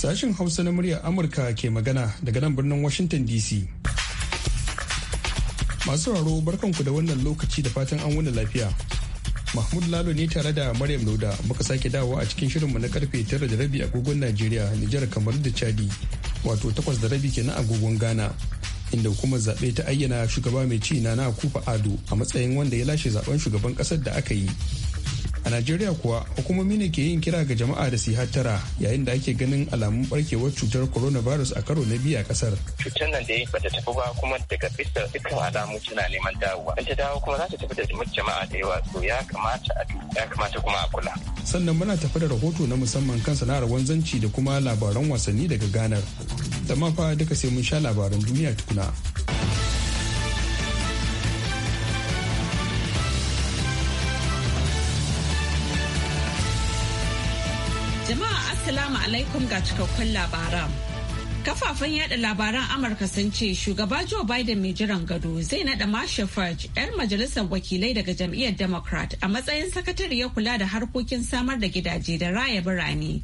Sashen Hausa na muryar Amurka ke magana daga nan birnin Washington DC. Masu raro barkanku da wannan lokaci da fatan an wuni lafiya. Mahmud Lalo ne tare da Maryam loda muka sake dawowa a cikin shirinmu na karfe tara da rabi agogon Najeriya, Nijar kamar da Chadi, wato takwas da rabi kenan agogon Ghana. Inda hukumar zaɓe ta ayyana shugaba mai ci na na Kufa Ado a matsayin wanda ya lashe zaben shugaban ƙasar da aka yi. a najeriya kuwa hukumomi ne ke yin kira ga jama'a da su hattara yayin da ake ganin alamun barkewar cutar coronavirus a karo na biyu a kasar cutar nan da bata tafi ba kuma daga bisa dukkan alamu tana neman dawowa in ta dawo kuma za ta tafi da jama'a da yawa so ya kamata a ya kamata kuma a kula sannan muna tafi da rahoto na musamman kan sana'ar wanzanci da kuma labaran wasanni daga ganar da ma fa duka sai mun sha labaran duniya tukuna Assalamu alaikum ga cikakkun labaran. Kafafen yada labaran Amurka sun ce shugaba Joe Biden mai jiran gado zai nada Marsha Fudge 'yar majalisar wakilai daga jam'iyyar Democrat a matsayin ya kula da harkokin samar da gidaje da raya birane.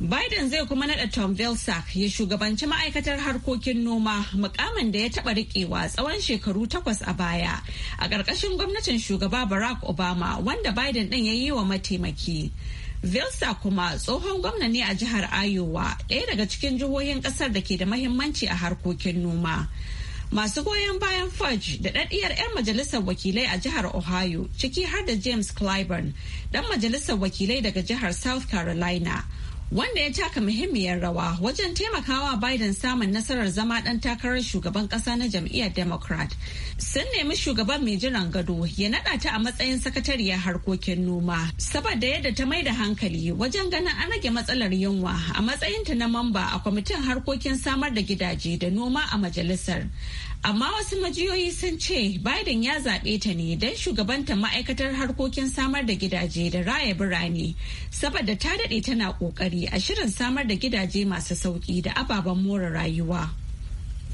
Biden zai kuma nada Tom Vilsack ya shugabanci ma'aikatar harkokin noma mukamin da ya taba riƙewa tsawon shekaru takwas a baya a ƙarƙashin gwamnatin shugaba Barack Obama wanda Biden ɗin ya yi wa mataimaki. Vilsa kuma tsohon gwamna ne a jihar Iowa, ɗaya daga cikin jihohin ƙasar da ke da mahimmanci a harkokin noma. Masu goyon bayan Fudge da ɗaɗɗiyar 'yan majalisar wakilai a jihar Ohio, ciki har da James Clyburn, ɗan majalisar wakilai daga jihar South Carolina, wanda ya taka muhimmiyar rawa wajen taimakawa Biden samun nasarar zama ɗan takarar shugaban ƙasa na jam'iyyar Democrat. Sun nemi shugaban mai jiran gado ya naɗa ta a matsayin sakatariyar harkokin noma, saboda yadda ta mai da hankali wajen ganin an rage matsalar yunwa a matsayinta na mamba a kwamitin harkokin samar da gidaje da noma a majalisar. amma wasu majiyoyi sun ce biden ya zaɓe ta ne don shugabanta ma'aikatar harkokin samar da gidaje da raya birane saboda ta daɗe tana ƙoƙari a shirin samar da gidaje masu sauƙi da ababen more rayuwa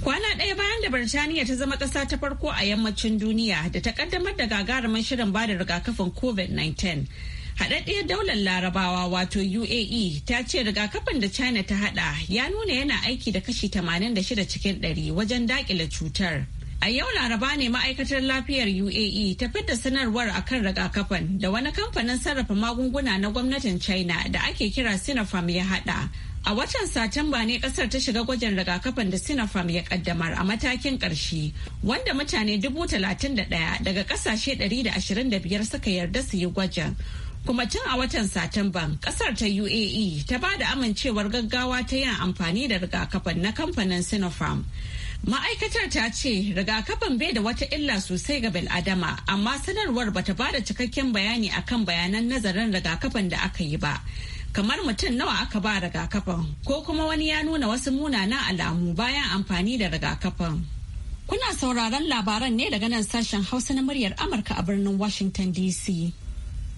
kwana ɗaya bayan da birtaniya ta zama ƙasa ta farko a yammacin duniya da ta ƙaddamar da gagarumin shirin bada rigakafin covid-19 haɗaɗɗiyar daular larabawa wato uae ta ce rigakafin da china ta haɗa ya nuna yana aiki da kashi 86 cikin 100 wajen daƙile cutar a yau laraba ne ma'aikatar lafiyar uae ta fidda sanarwar akan rigakafin da wani kamfanin sarrafa magunguna na gwamnatin china da ake kira sinopharm ya haɗa a watan satumba ne kasar ta shiga gwajin rigakafin da sinopharm ya kaddamar a matakin karshe wanda mutane 31 daga kasashe 125 suka yarda su yi gwajin Kuma tun a watan Satumban, kasar ta UAE ta ba da amincewar gaggawa ta yin amfani da rigakafin na kamfanin Sinopharm. Ma'aikatar ta ce rigakafin bai da wata illa sosai ga bil'adama, amma sanarwar bata ba da cikakken bayani akan bayanan nazarin rigakafin da aka yi ba. Kamar mutum nawa aka ba rigakafin, ko kuma wani ya nuna wasu munanan alamu bayan amfani da rigakafin. Kuna sauraron labaran ne daga nan sashen Hausa na muryar Amurka a birnin Washington DC.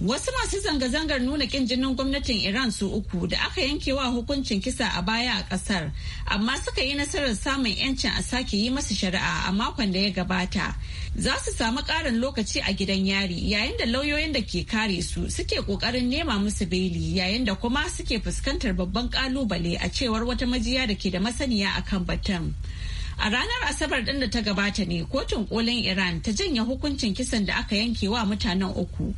Wasu masu zanga-zangar nuna kin jinin gwamnatin Iran su uku da aka yanke wa hukuncin kisa a baya a kasar, amma suka yi nasarar samun 'yancin a sake yi masu shari'a a makon da ya gabata. Za su samu ƙarin lokaci a gidan yari yayin da lauyoyin da ke kare su suke ƙoƙarin nema musu beli yayin da kuma suke fuskantar babban ƙalubale a cewar wata majiya da ke da masaniya akan batun. A ranar Asabar ɗin da ta gabata ne kotun kolin Iran ta janye hukuncin kisan da aka yanke wa mutanen uku.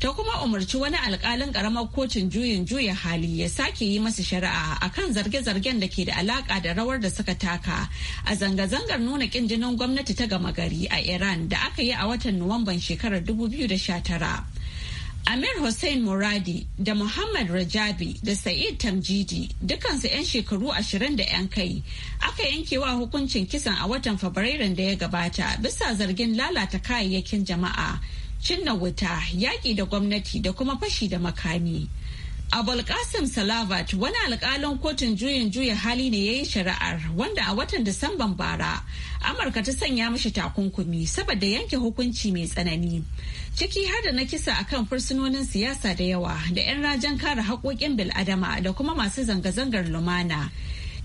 Ta kuma umarci wani alkalin karamar kotun juyin juya hali ya sake yi masa shari'a akan zarge-zargen da ke da alaka da rawar da suka taka a zanga-zangar nuna kin jinin gwamnati ta gama gari a Iran da aka yi a watan Nuwamban shekarar 2019. Amir Hussein Muradi da Muhammad Rajabi da Sa'id Tamjidi dukansu 'yan shekaru ashirin da 'yan kai aka yanke wa hukuncin kisan a watan Fabrairun da ya gabata bisa zargin lalata kayayyakin jama'a, cinna wuta, yaƙi da gwamnati da kuma fashi da makami. Abulkasim Salavat wani alkalin kotun juyin juya hali ne ya yi shari'ar wanda a watan Disamban bara Amurka ta sanya mashi takunkumi saboda yanke hukunci mai tsanani. Ciki har da na kisa a kan fursunonin siyasa da yawa da 'yan rajen kare haƙoƙin bil'adama da kuma masu zanga-zangar lumana.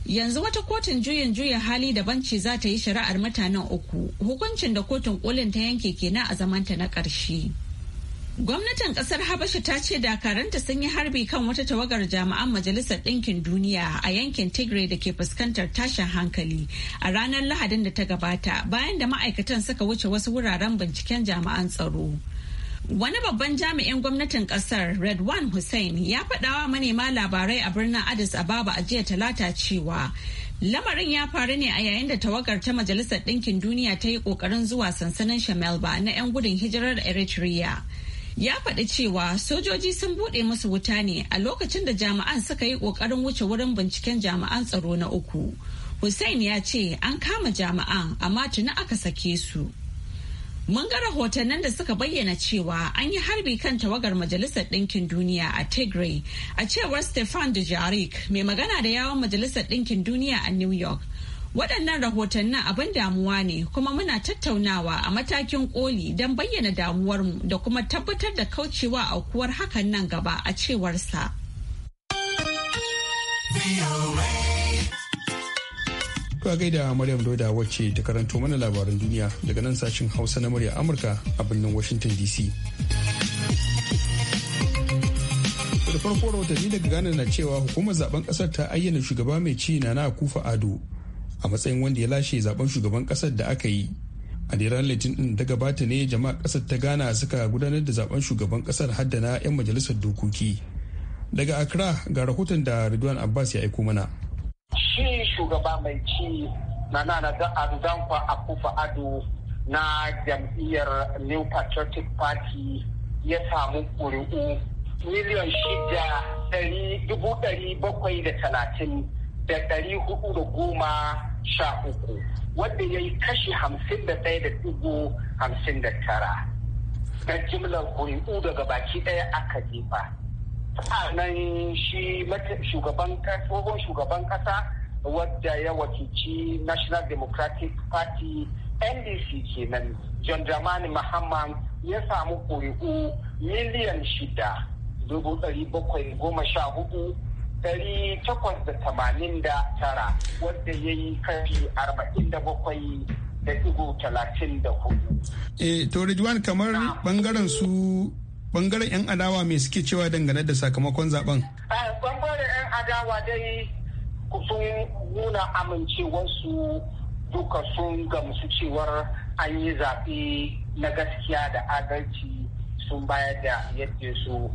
Yanzu wata kotun juyin juya hali da banci za ta yi shari'ar mutanen uku hukuncin da kotun kolin ta yanke kenan a zamanta na ƙarshe. Gwamnatin kasar Habasha ta ce dakaranta sun yi harbi kan wata tawagar jami'an Majalisar Ɗinkin Duniya a yankin Tigray da ke fuskantar tashin hankali a ranar Lahadin da ta gabata bayan da ma'aikatan suka wuce wasu wuraren binciken jami'an tsaro. Wani babban jami'in gwamnatin kasar Redwan Hussein ya faɗawa manema labarai a birnin Addis Ababa a jiya talata cewa Lamarin ya faru ne a yayin da tawagar ta Majalisar Ɗinkin Duniya ta yi ƙoƙarin zuwa sansanin Shamelba na 'yan gudun hijirar Eritrea. ya faɗi cewa sojoji sun buɗe musu wuta ne a lokacin da jama'an suka yi ƙoƙarin wuce wurin binciken jami'an tsaro na uku. Hussein ya ce an kama jama'an amma tuni aka sake su. Mun ga rahotannin da suka bayyana cewa an yi harbi kan tawagar Majalisar Ɗinkin Duniya a Tigray a cewar Stefan Dujarric mai magana da yawon Majalisar Ɗinkin Duniya a New York. Waɗannan rahotannin abin damuwa ne kuma muna tattaunawa a matakin koli don bayyana damuwar mu da kuma tabbatar da kaucewa aukuwar hakan nan gaba a cewarsa. Ka gaida Maryam Doda wacce ta karanto mana labaran duniya daga nan sashin Hausa na murya Amurka a birnin Washington DC. Da farko rahotanni daga Ghana na cewa hukumar zaben kasar ta ayyana shugaba mai ci na na kufa ado a matsayin wanda ya lashe zaben shugaban kasar da aka yi a ran litin din ta gabata ne jama'a kasar ta gana suka gudanar da zaben shugaban kasar haddana 'yan majalisar dokoki daga accra ga rahoton da ridwan abbas ya aiko mana shi shugaba mai ci na nana da adudankwa akufa ado na jam'iyyar new patriotic party ya samu ƙuri'u miliyan shida dubu ɗari bakwai da talatin da ɗari hudu da goma sha uku wanda ya yi kashi hamsin da ɗaya da dubu hamsin da tara na jimlar ƙuri'u daga baki ɗaya aka jefa sa'anan shi shugaban tsohon shugaban ƙasa wadda ya wakilci national democratic party ndc kenan john dramani mahamman ya samu ƙuri'u miliyan shida dubu ɗari bakwai goma sha hudu Dari takwas da tamanin da tara wadda ya yi kashi arba'in da bakwai da digo talatin da hudu. Eh, to Rijuwan kamar bangaren su bangaren 'yan adawa mai suke cewa dangane da sakamakon zaben? Bangaren eh, 'yan adawa dai sun nuna amincewarsu duka sun gamsu cewar an yi zaɓe na gaskiya da adalci sun bayar da yadda su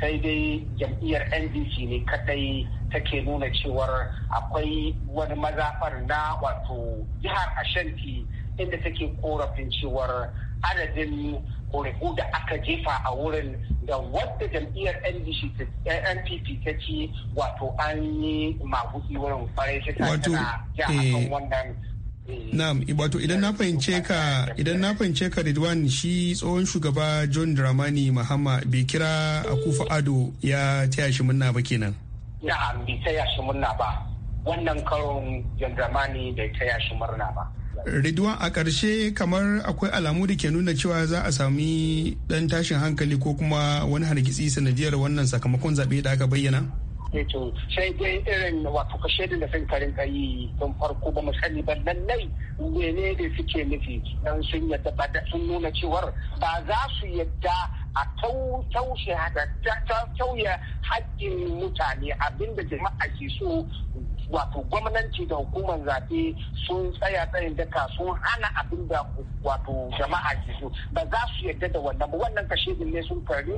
sai dai jam'iyyar ndc ne kadai take nuna cewar akwai wani mazafar na wato jihar ashanti inda take korafin cewar adadin ƙuri'u da aka jefa a wurin da wadda jam'iyyar npp ta ci wato an yi maguɗi wurin kwarai ta tana eh, wannan Na'am, wato idan na fahimce ka idan na fahimce ka Ridwan shi tsohon shugaba John Dramani Mahama bai kira Akufa Ado ya taya shi munna ba kenan. Na'am, bai taya shi munna ba. Wannan karon John Dramani bai taya shi murna ba. Ridwan a ƙarshe kamar akwai alamu da ke nuna cewa za a sami ɗan tashin hankali ko kuma wani hargitsi sanadiyar wannan sakamakon zaɓe da aka bayyana? Eh, sai dai irin wato kashe da nufin karin kayi don farko ba mu sani ba lallai mene ne suke nufi dan sun yadda ba da sun nuna cewar ba za su yadda a taushe tauye haƙƙin mutane abinda jama'a ke so wato gwamnati da hukumar zaɓe sun tsaya tsayin daka sun hana abin da wato jama'a ke so ba za su yarda da wannan ba wannan kashe ne sun fari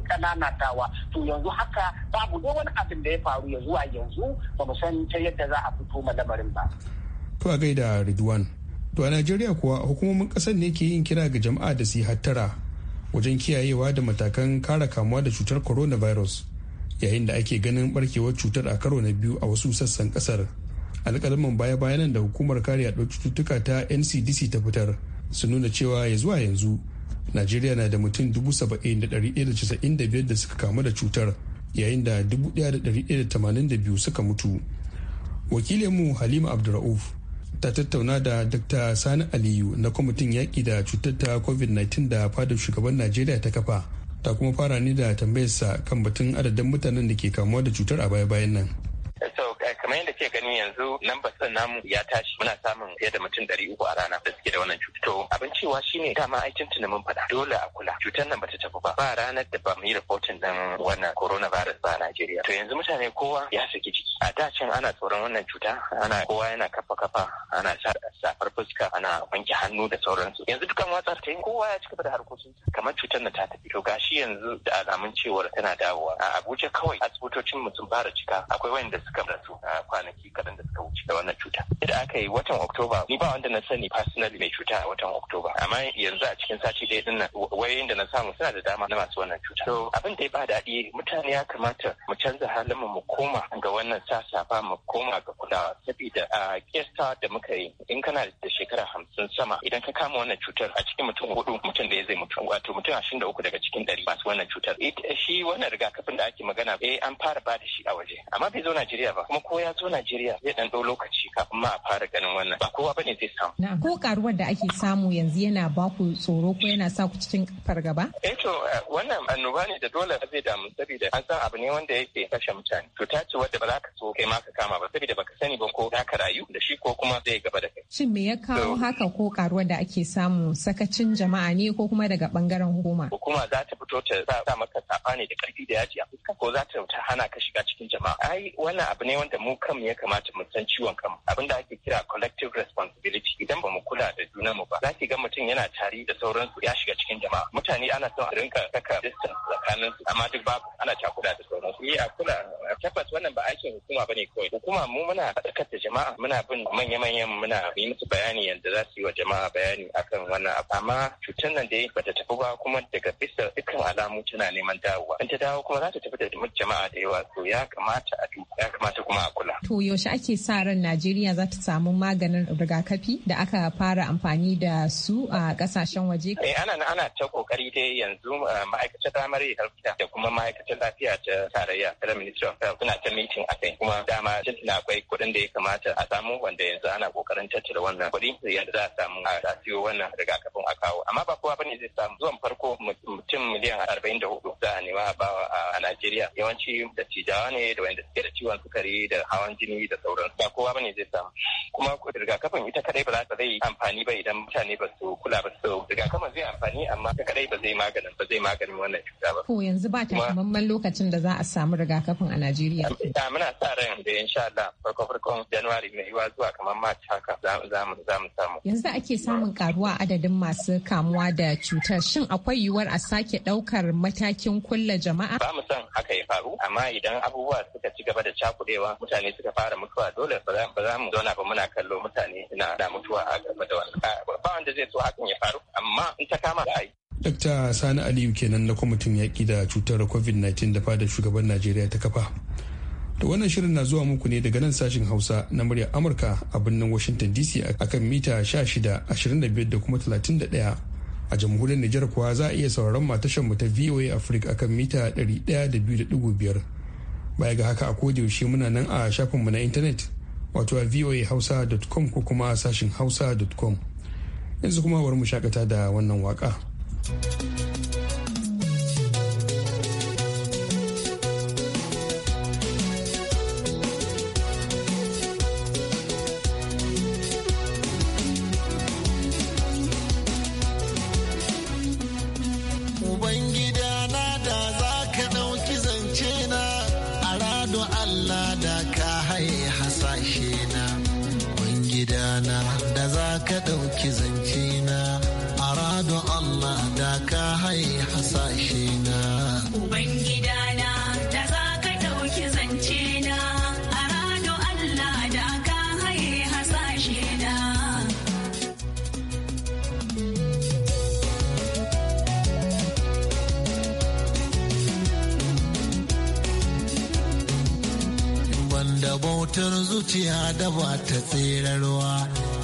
tawa to yanzu haka babu dai wani abin da ya faru ya zuwa yanzu ba mu san ta yadda za a fito ma lamarin ba. To a gaida Ridwan. To a Najeriya kuwa hukumomin ƙasar ne ke yin kira ga jama'a da su hattara wajen kiyayewa da matakan kara kamuwa da cutar coronavirus. yayin da ake ganin barkewar cutar a karo na biyu a wasu sassan kasar alƙalman baya-bayanan da hukumar kare yaɗuwar cututtuka ta ncdc ta fitar su nuna cewa ya zuwa yanzu najeriya na da mutum 70,195 da suka kamu da cutar yayin da 1,182 suka mutu wakilinmu halima abdulrauf ta tattauna da dr sani aliyu na kwamitin yaƙi da cutar ta covid-19 da fadar shugaban najeriya ta kafa ta kuma fara ni da tambayarsa kan batun adadin mutanen da ke kamuwa da cutar a baya-bayan nan kamar yadda ke gani yanzu lambar san namu ya tashi muna samun fiye da mutum ɗari uku a rana da suke da wannan cuta to abin cewa shine dama ai tunanin mun faɗa dole a kula cutar nan bata tafi ba ba ranar da ba mu yi rahoton ɗin wannan coronavirus ba a Najeriya to yanzu mutane kowa ya saki ciki a da can ana tsoron wannan cuta ana kowa yana kafa kafa ana safar fuska ana wanke hannu da sauransu yanzu dukan watsar ta yin kowa ya ci gaba da harkokin kamar cutar nan ta tafi to gashi yanzu da alamun cewar tana dawowa a Abuja kawai asibitocin mutum bara cika akwai wanda suka rasu kwanaki kadan da suka wuce da wannan cuta. idan aka yi watan Oktoba ni ba wanda na sani personally mai cuta a watan Oktoba amma yanzu a cikin sati daya din nan wayoyin da na samu suna da dama na masu wannan cuta. To abin da ya ba daɗi mutane ya kamata mu canza halin mu koma ga wannan sassafa mu koma ga kulawa saboda a kesta da muka yi in kana da shekara hamsin sama idan ka kama wannan cutar a cikin mutum hudu mutum da ya zai mutu wato mutum ashirin da uku daga cikin ɗari masu wannan cutar. Shi wannan rigakafin da ake magana eh an fara ba da shi a waje amma bai zo Najeriya ba kuma ko ya zo Najeriya zai dan ɗau lokaci kafin ma a fara ganin wannan ba kowa bane zai samu. Na ko karuwar da ake samu yanzu yana ba ku tsoro ko yana sa ku cikin fargaba? Eh to eh, wannan annoba ne da dole zai damu saboda an san abu ne wanda yake kashe mutane. ta ce wadda ba za ka so kai ma ka kama ba saboda baka sani ba ko za ka rayu da shi ko kuma zai gaba da kai. Shin me ya kawo haka ko karuwar da ake samu sakacin jama'a ne ko kuma daga bangaren hukuma? Hukuma za ta fito ta sa maka saba ne da karfi da yaji a fuska ko za ta hana ka shiga cikin jama'a. Ai wannan abu ne wanda mu kanmu ya kamata mu san ciwon kanmu da ake kira collective responsibility idan ba mu kula da juna mu ba za ki ga mutum yana tari da sauransu ya shiga cikin jama'a mutane ana son a rinka saka distance tsakanin su amma duk babu ana cakuda da sauransu ni a kula tabbas wannan ba aikin hukuma bane kawai hukuma mu muna tsakar da jama'a muna bin manya-manyan muna yi musu bayani yadda za su yi wa jama'a bayani akan wannan abu amma cutar nan dai bata tafi ba kuma daga bisa dukkan alamu tana neman dawowa in ta dawo kuma za ta tafi da jama'a da yawa to ya kamata a ya kamata kuma a kula matsala. To yaushe ake sa ran Najeriya za ta samu maganin rigakafi da aka fara amfani da su a kasashen waje? Eh ana ana ta kokari dai yanzu eh, ma'aikatar primary healthcare da kuma ma'aikatar lafiya ta tarayya ta ministry of health suna ta meeting akai kuma dama tuntuna akwai kuɗin da ya kamata a samu wanda yanzu ana kokarin tattara wannan kuɗi yadda za a samu a siyo wannan rigakafin a kawo amma ba kowa bane zai samu zuwan farko mutum miliyan arba'in da hudu za a nema a bawa a Najeriya yawanci da cijawa ne da wanda suke da ciwon sukari da hawan jini da sauran ba kowa bane zai samu kuma rigakafin ita kadai ba za ta zai amfani ba idan mutane ba su kula ba su rigakafin zai amfani amma ta kadai ba zai maganin ba zai maganin wannan cuta ba. Ko yanzu ba takamaiman lokacin da za a samu rigakafin a Najeriya. Da muna sa ran da insha Allah farko farkon January mai yiwa zuwa kamar March haka za mu za mu samu. Yanzu ake samun karuwa adadin masu kamuwa da cutar shin akwai yiwuwar a sake daukar matakin kulla jama'a? Ba mu san haka ya faru amma idan abubuwa suka ci gaba da cakudewa mutane mutane suka fara mutuwa dole ba za mu zauna ba muna kallo mutane ina da mutuwa a gaba da wannan ba wanda zai so hakan ya faru amma in ta kama da Dr. Sani Aliyu kenan na kwamitin yaƙi da cutar COVID-19 da fada shugaban Najeriya ta kafa. Da wannan shirin na zuwa muku ne daga nan sashen Hausa na muryar Amurka a birnin Washington DC akan mita 16, da kuma 31. a jamhuriyar Nijar kuwa za a iya sauraron matashan mu ta VOA Africa akan mita 102.5 baya ga haka a yaushe muna nan a shafinmu na intanet wato a voahausa.com ko kuma sashin hausa.com yanzu kuma warin mu shakata da wannan waka. ki zance na arado Allah da ka hai hasashe na ubangida na da za ka dauki zance na arado Allah da ka hai hasashe na banda bautar zuciya da ba ta tserarwa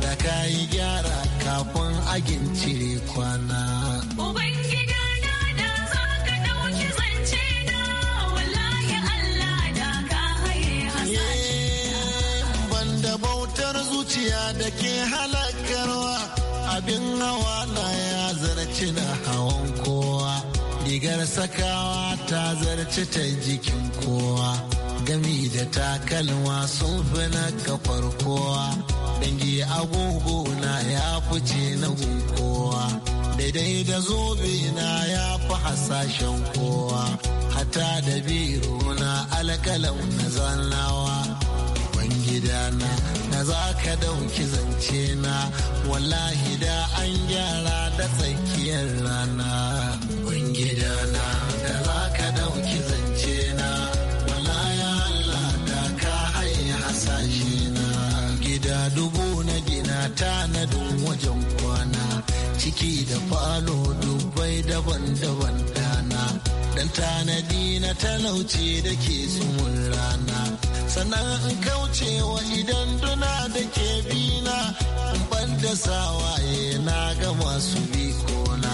da ka yi gyara kafin agin cire kwana. Eh, bautar zuciya da ke halakarwa abin hawa na ya zarci na hawan kowa rigar sakawa ta zarci ta jikin kowa gami da takalma sun fi na kafar kowa dangi agogo na ya fice na kowa daidai da zobe na ya fi hasashen kowa hata da biro na alkalau na zannawa gidana na za ka dauki zance na wallahi da an gyara da tsakiyar rana gidana gida dubu na gina tanadin wajen kwana ciki da falo dubbai daban-daban dana dan tanadi na talauce da ke tsumin rana sannan in kaucewa idan duna da ke bina in ban da sawaye na ga masu bikona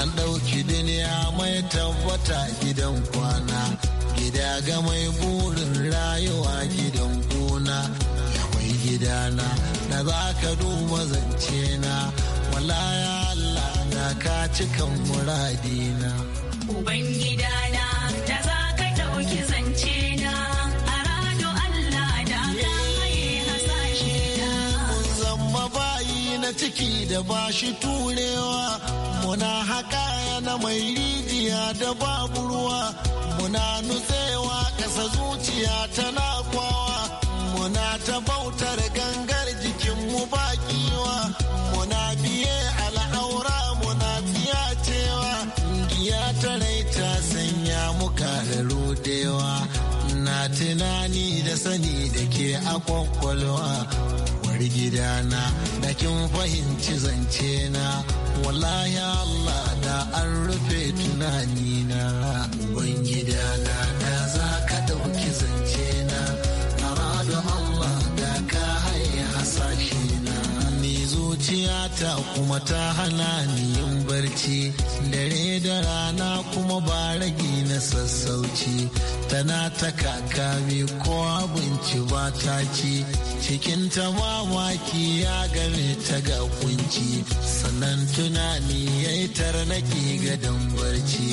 an ɗauki duniya mai tabbata gidan kwana gida ga mai burin rayuwa gidan gona gidana da za ka duba zance na wala ya Allah da ka cikan muradina uban gidana da za ka dauki zance na a rado Allah da ka yi hasashe na mun zama bayi na ciki da ba shi turewa muna haka na mai rijiya da babu ruwa muna nutsewa ƙasa zuciya tana kwawa muna ta kwakwalwa wari gidana da kin fahimci zance na wallahi Allah da an rufe tunani na ubangidana da za ka ɗauki zance na da Allah da ka haye hasashe na ni zuciyata kuma ta hana ni yin barci dare da rana kuma ba ragi na sassauci tana ta kakami ko abinci ba ta ci cikin ta mamaki ya game ta ga kunci sannan tunani ya yi tarnaki ga dambarci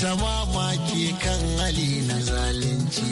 ta mamaki kan hali na zalunci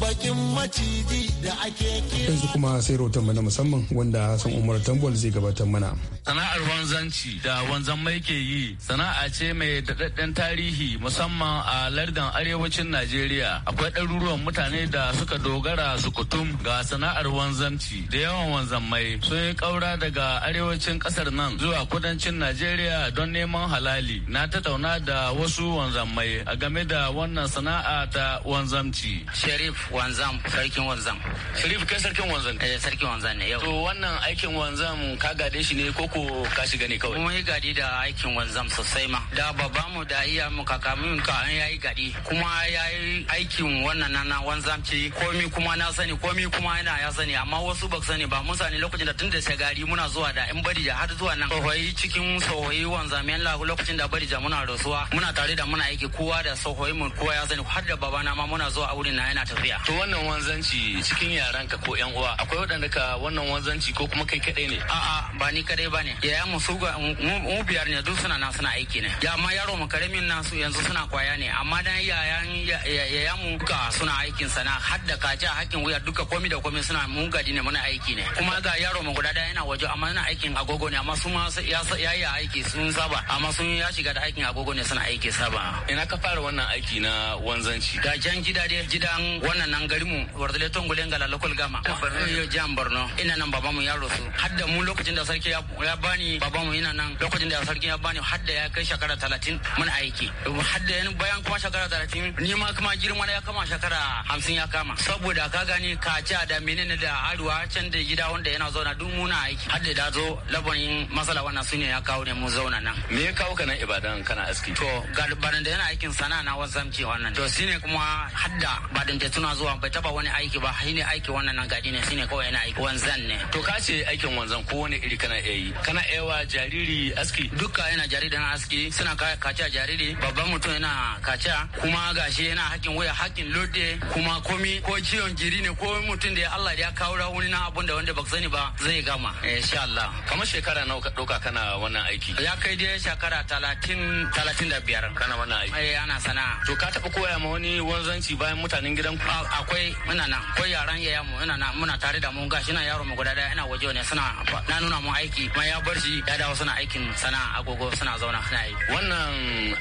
bakin maciji da ake kira yanzu kuma sai rotan mana musamman wanda Hassan Umar Tambol zai gabatar mana sana'ar wanzanci da wanzan mai ke yi sana'a ce mai daɗaɗɗen tarihi musamman a lardin arewacin Najeriya akwai ɗaruruwan mutane da suka dogara su kutum ga sana'ar wanzanci da yawan wanzan mai sun yi ƙaura daga arewacin ƙasar nan zuwa kudancin Najeriya don neman halali na tattauna da wasu wanzan mai a game da wannan sana'a ta wanzamci. Sharif wanzam sarkin wanzam. Sharif kai sarkin wanzam. Eh sarkin wanzam ne yau. To wannan aikin wanzam ka gade shi ne koko ka shiga ne kawai. Mun yi gadi da aikin wanzam sosai ma. Da babba mu da iya mu kaka mun ka an yayi gadi kuma yayi aikin wannan na wanzamci komi kuma na sani komi kuma yana ya sani amma wasu ba sani ba mun sani lokacin da tun da shagari muna zuwa da in bari da har zuwa nan. Sohoyi cikin sohoyi wanzamiyan lokacin da bari da muna rasuwa muna tare da muna aiki kowa da sohoyin mu kowa ya zani har da babana ma muna zuwa wurin na yana tafiya to wannan wanzanci cikin yaran ka ko yan uwa akwai waɗanda ka wannan wanzanci ko kuma kai kadai ne a'a ba ni kadai ba ne yaya mu su mu biyar ne duk suna na suna aiki ne ya ma yaro mu karamin nan su yanzu suna kwaya ne amma dan yayan yaya mu duka suna aikin sana har da kaja hakkin wuya duka komi da komi suna mun gadi ne muna aiki ne kuma ga yaro mu guda daya yana waje amma yana aikin agogo ne amma su ma ya yi aiki sun saba amma sun ya shiga da aikin agogo ne suna aiki saba ina na ka fara wannan aiki na wanzanci Ga jan gida dai gidan wannan nan garinmu wardale tongolen gala lokal gama yo jam borno ina nan babamu ya rusu. har da mu lokacin da sarki ya bani babamu ina nan lokacin da sarki ya bani har da ya kai shekara talatin mun aiki har da bayan kuma shekara talatin ni ma kuma girma ya kama shekara hamsin ya kama saboda ka gani ci da menene da arewa can da gida wanda yana zauna duk muna aiki har da zo labarin masala wannan sune ya kawo ne mu zauna nan me ya kawo ka nan ibadan kana aski to ga da yana aikin sana na wazamci wannan to shine kuma hadda ba da tuna zuwa bai taba wani aiki ba shine aiki wannan nan gadi ne shine kawai yana aiki wanzan ne to ka ce aikin wanzan ko wani iri kana iya yi kana iya wa jariri aski duka yana jariri na aski suna kaca jariri babban mutum yana kaca. kuma gashi yana hakin waya hakin lode kuma komi ko ciwon jiri ne ko mutum da Allah ya kawo rauni na abun da wanda baka sani ba zai gama insha Allah kamar shekara nawa ka dauka kana wannan aiki ya kai dai shekara talatin talatin da biyar kana wannan aiki yi eh, ana sana'a to ka taɓa koya ma wani wanzanci bayan mutanen gidan ku akwai muna nan akwai yaran yaya mu muna nan muna tare da mun gashi na yaro mu guda daya ina waje ne suna na nuna mu aiki kuma ya bar shi ya dawo suna aikin sana'a agogo suna zauna suna yi wannan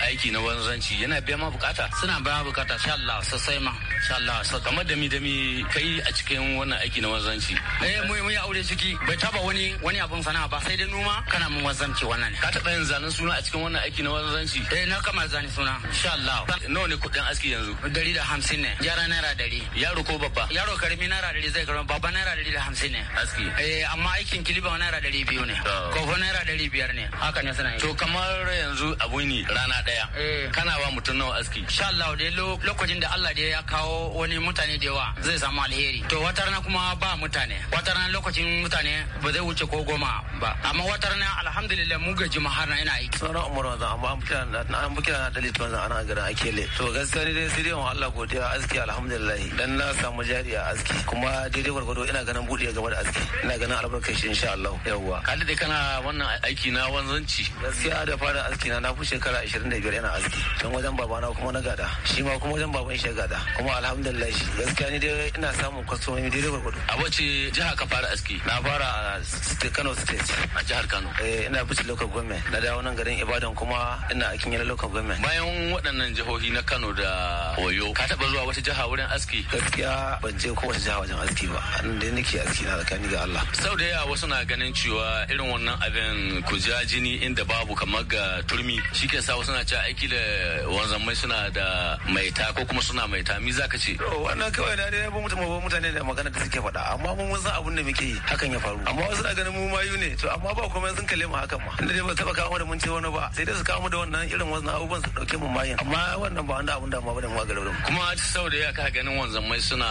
aiki na wanzanci yana biya ma bukata suna biya bukata sha Allah sosai ma sha Allah so kamar dami dami kai a cikin wannan aiki na wanzanci eh mu mu ya aure ciki bai taba wani wani abun sana'a ba sai dai noma kana mun wanzanci wannan ka taɓa yin zanen suna a cikin wannan aiki na wanzanci eh na kama zani suna insha Allah nawa ne kudin aski yanzu dari da hamsin ne yara naira dari yaro ko babba yaro karami naira dari zai karami babba naira dari da hamsin ne aski eh amma aikin kiliban naira dari biyu ne kofo naira dari biyar ne haka ne suna yi to kamar yanzu abu ne rana daya eh. kana ba mutum nawa aski insha Allah dai lokacin da Allah dai ya kawo wani mutane da yawa zai samu alheri to wata rana kuma ba mutane wata rana lokacin mutane ba zai wuce ko goma ba amma wata rana alhamdulillah mu gaji mahar na ina na ana gara a akele to gaskiya ni dai sai dai Allah godiya aski alhamdulillah dan na samu jari a aski kuma daidai gwargwado ina ganin buɗe gaba da aski ina ganin albarkar shi insha Allah yawwa kalli dai kana wannan aiki na wanzanci gaskiya da fara aski na na fi shekara 25 ina aski don wajen babana kuma na gada shi ma kuma wajen baban shi gada kuma alhamdulillah shi gaskiya ni dai ina samun kwastomomi daidai gwargwado a wace jiha ka fara aski na fara a Kano state a jihar Kano eh ina bici local government na dawo nan garin Ibadan kuma ina aikin yana local government bayan waɗannan jihohi na Kano da Oyo ka taɓa zuwa wata jiha wurin aski? Gaskiya ban je ko wata jiha wajen aski ba. An da nake aski na tsakani ga Allah. Sau da yawa wasu na ganin cewa irin wannan abin ku ja jini inda babu kamar ga turmi shi ke sa wasu na cewa aiki da wanzan mai suna da maita ko kuma suna maita mi za ka ce. Wannan kawai na dai mutum mutane da magana da suke faɗa amma mun san abin da muke yi hakan ya faru amma wasu na ganin mu mayu ne to amma ba komai sun kalle mu hakan ma inda dai ba taɓa kawo da mun ce wani ba sai dai su kawo da wannan irin wannan abubuwan su ɗauke mu yin amma wannan ba wanda abun da ma bane mu ga lauran kuma saboda ya ka ganin wanzan mai suna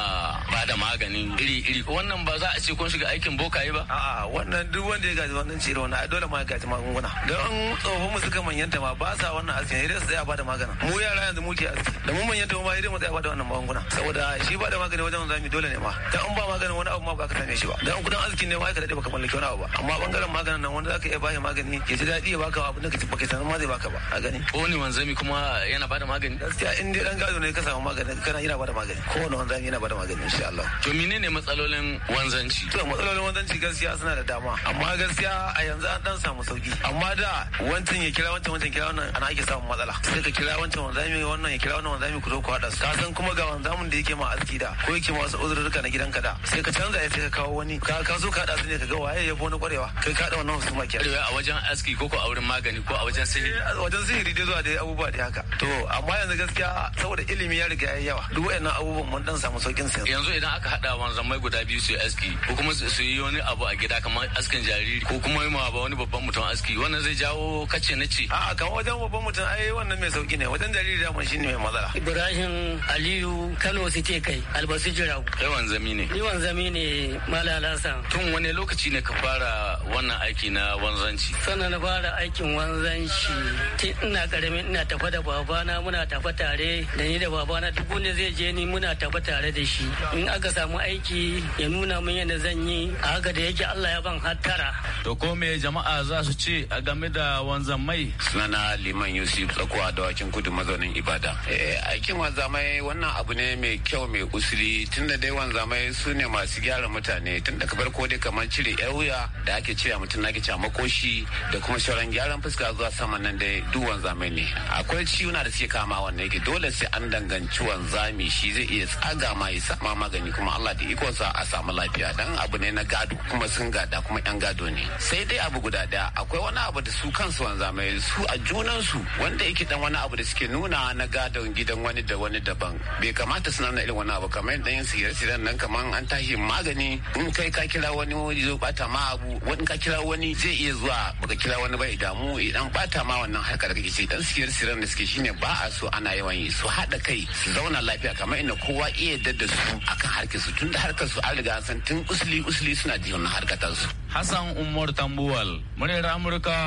ba da magani iri iri wannan ba za a ce kun shiga aikin bokaye ba a'a wannan duk wanda ya gaji wannan cire wannan dole ma ya gaji magunguna don tsofaffin mu suka manyanta ma ba sa wannan asibiti ne sai tsaya ba da magana mu yara yanzu muke asibiti da mun manyanta ma idan mu tsaya ba da wannan magunguna saboda shi ba da magani wajen zami dole ne ma dan an ba magani wani abu ma ba ka same shi ba dan kudin askin ne ma ka dade baka mallaki wani abu ba amma bangaren maganin nan wanda zaka iya bashi magani ke ji daɗi ya baka abu da ka baka sanar ma zai baka ba a gani ko ne wanzami kuma yana bada magani gaskiya in dai dan gado ne ka samu magani kana yana bada magani ko wani wanzami yana bada magani insha Allah to menene matsalolin wanzanci to matsalolin wanzanci gaskiya suna da dama amma gaskiya a yanzu an dan samu sauki amma da wancan ya kira wancan wancan kira wannan ana ake samun matsala sai ka kira wancan wanzami wannan ya kira wannan wanzami ku zo ku hada su ka san kuma ga wanzamin da yake ma aski da ko yake ma wasu uzurruka na gidanka da sai ka canza ya sai ka kawo wani ka ka zo ka hada su ne ka ga waye ya fi wani kwarewa kai ka hada wannan wasu ma kenan a wajen aski ko ko a wurin magani ko a wajen sihiri eh, a wajen sihiri dai zuwa dai abubuwa dai haka haka to amma yanzu gaskiya saboda ilimi ya riga ya yawa duk wayannan abubuwan mun dan samu saukin sa yanzu idan aka hada wanzan mai guda biyu su aski ko kuma su yi wani abu a gida kamar askin jariri ko kuma yi ma ba wani babban mutum aski wannan zai jawo kace na ce a'a kamar wajen babban mutum ai wannan mai sauki ne wajen jariri da mun shine mai matsala Ibrahim Aliyu Kano ce kai Albasu Jirau Kai zami ne Ni zami ne malala san tun wani lokaci ne ka fara wannan aiki na wanzanci sannan na fara aikin wanzanci ina karamin ina tafa da babana muna tafa tare da ni da babana duk wanda zai je ni muna tafa tare da shi in aka samu aiki ya nuna min yadda zan yi a haka da yake Allah ya ban hattara to ko me jama'a za su ce a game da wanzan mai sunana liman yusuf tsakuwa da wakin kudu mazaunin ibada eh, aikin wanzamai wannan abu ne mai kyau mai usuri tunda dai wanzamai su ne masu gyara mutane tun da kabar ko dai kamar cire yar wuya da ake cire mutum na ke makoshi da kuma sauran gyaran fuska zuwa saman nan dai duk wanzamai ne akwai ciwuna da suke kama wannan yake dole sai an danganci zami shi zai iya tsaga ma ya sama magani kuma Allah da ikonsa a samu lafiya dan abu ne na gado kuma sun gada kuma yan gado ne sai dai abu guda daya akwai wani abu da su kansu wanzamai su a junansu wanda yake dan wani abu da suke nuna na gadon gidan wani da wani daban bai kamata su na irin wani abu kamar yadda yin sigirar nan kamar an tashi magani in kai ka kira wani wani zo bata ma abu wani ka kira wani zai iya zuwa baka kira wani ba mu idan bata ma wannan harkar da kake ce dan sigirar siran da suke shine ba a so ana yawan yi su haɗa kai su zauna lafiya kamar inda kowa iya yadda su akan harkar su tunda harkar su an riga san tun usli usli suna ji wannan harkatar su. Hassan Umar Tambuwal, muryar Amurka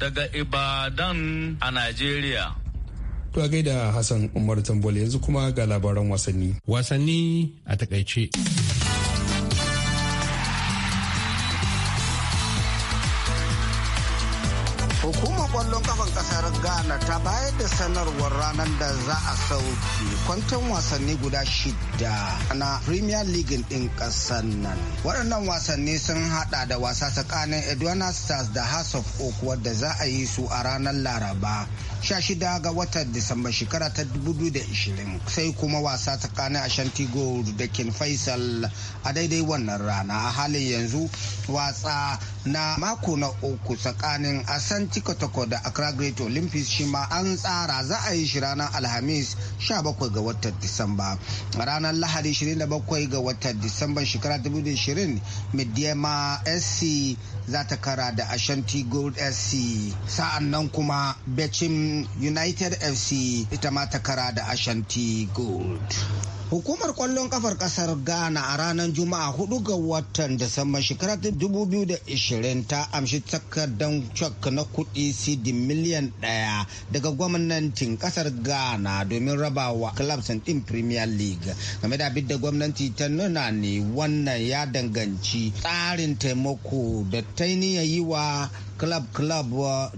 daga Ibadan a Najeriya. To a gaida Hassan Umar Tambuwal yanzu kuma ga labaran wasanni. Wasanni a takaice. kwallon kafan kasar ghana ta bayar da sanarwar ranar da za a sauki kwanton wasanni guda shida na premier league din kasar nan waɗannan wasanni sun hada da wasa tsakanin edwana stars da house of oak wadda za a yi su a ranar laraba 16 ga watan Disamba shekara ta 2020 sai kuma wasa tsakanin Ashanti Gold da Ken Faisal a daidai wannan rana a halin yanzu wasa na mako na uku tsakanin Ashanti Kotoko da Accra Great Olympics shi ma an tsara za a yi shi ranar Alhamis 17 ga watan Disamba ranar Lahadi 27 ga watan Disamba shekara 2020 Midyema SC za ta kara da Ashanti Gold SC sa'an nan kuma Becim united fc ita ma ta kara da ashanti gold Hukumar kwallon kafar kasar Ghana a ranar Juma'a 4 ga watan Disamba shekarar 2020 ta amshi takardar cok na kudi CD miliyan ɗaya daga gwamnatin kasar Ghana domin rabawa clubs din Premier League. Game da bidda gwamnati ta nuna ne wannan ya danganci tsarin taimako da ta yi wa club club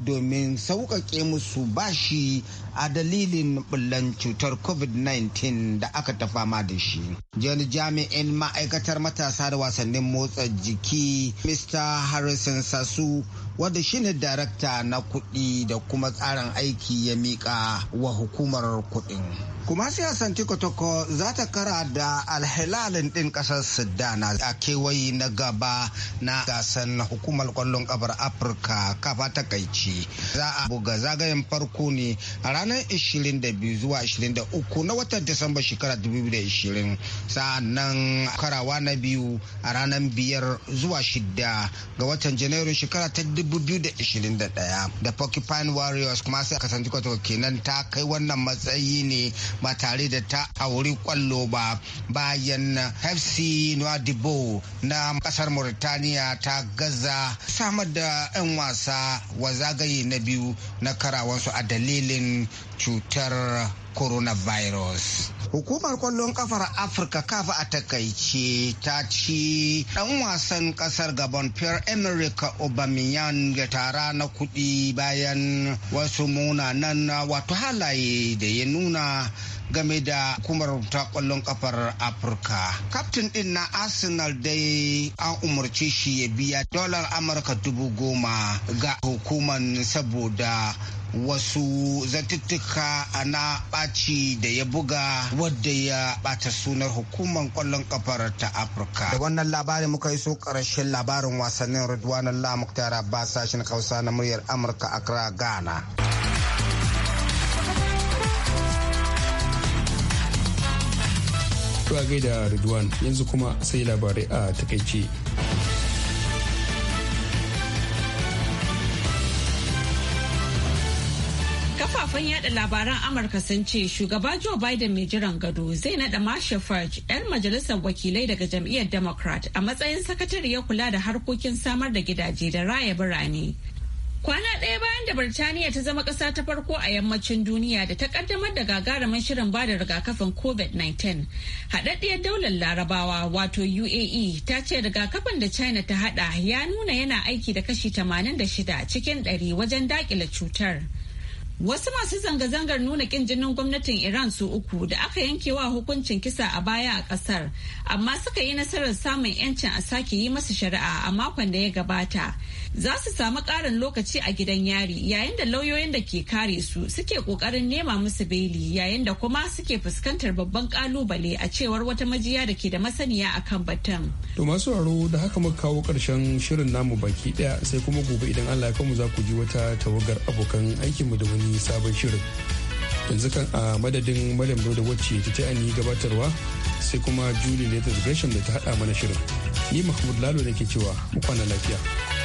domin sauƙaƙe musu bashi a dalilin bullan cutar covid-19 da aka ta fama da shi jani jami'in ma'aikatar matasa da wasannin motsa jiki mr harrison sasu wanda shine darakta na kuɗi da kuma tsarin aiki ya miƙa wa hukumar kuɗin. kuma siyasan tikotoko za ta kara da alhilalin ɗin ƙasar sudana a kewayi na gaba na gasan hukumar kwallon ƙafar afirka kafa ta kaici za a buga zagayen farko ne a ranar 22 zuwa 23 na watan disamba shekarar 2020 sa'annan karawa na biyu a ranar biyar zuwa shida ga watan janairun shekara ta 2021 da porcupine warriors kuma sai kasance kwato kenan ta kai wannan matsayi ne ba tare da ta auri kwallo ba bayan fc nwadibo na kasar mauritania ta gaza samar da 'yan wasa wa zagaye na biyu na karawansu a dalilin cutar coronavirus. Hukumar kwallon kafar Afirka kafa a takaice ta ci ɗan wasan ƙasar Gabon Pierre America Aubameyang ya tara na kuɗi bayan wasu munanan wato halaye da ya nuna game da hukumar ta kwallon kafar afirka kaftin din na arsenal dai an umarci shi ya biya dolar amurka dubu goma ga hukumar saboda wasu zatuttuka na ɓaci da ya buga wadda ya ɓata sunar hukumar kwallon kafar ta afirka da wannan labarin muka yi so ƙarshen labarin wasannin ridwanan lamuktar ba sashen kausa na muryar amurka accra ghana Tuwa gaida Ridwan yanzu kuma sai labarai a takaice. kafin yada labaran Amurka sun ce shugaba Joe Biden mai jiran gado zai nada Marsha Farge 'yan majalisar wakilai daga jam'iyyar Democrat a matsayin sakatariyar kula da harkokin samar da gidaje da raya birane. Kwana ɗaya bayan da Birtaniya ta zama ƙasa ta farko a yammacin duniya da ta ƙaddamar da gagarumin shirin bada rigakafin COVID-19, haɗaɗɗiyar daular larabawa wato UAE ta ce rigakafin da China ta haɗa ya nuna yana aiki da kashi 86 cikin 100 wajen daƙile cutar. Wasu masu zanga-zangar nuna kin jinin gwamnatin Iran su uku da aka yanke wa hukuncin kisa a baya a kasar, amma suka yi nasarar samun 'yancin a sake yi masu shari'a a makon da ya gabata. Za su samu ƙarin lokaci a gidan yari yayin da lauyoyin da ke kare su suke ƙoƙarin nema musu beli yayin da kuma suke fuskantar babban ƙalubale a cewar wata majiya da ke da masaniya a kan batun. To masu aro da haka muka kawo ƙarshen shirin namu baki ɗaya sai kuma gobe idan Allah ya kamu za ku ji wata tawagar abokan aikinmu da wani sabon shirin yanzu kan a madadin maryam da wacce ta ta ni gabatarwa sai kuma julie latest gresham da ta hada mana shirin ni mahmud lalo da ke cewa mu kwana lafiya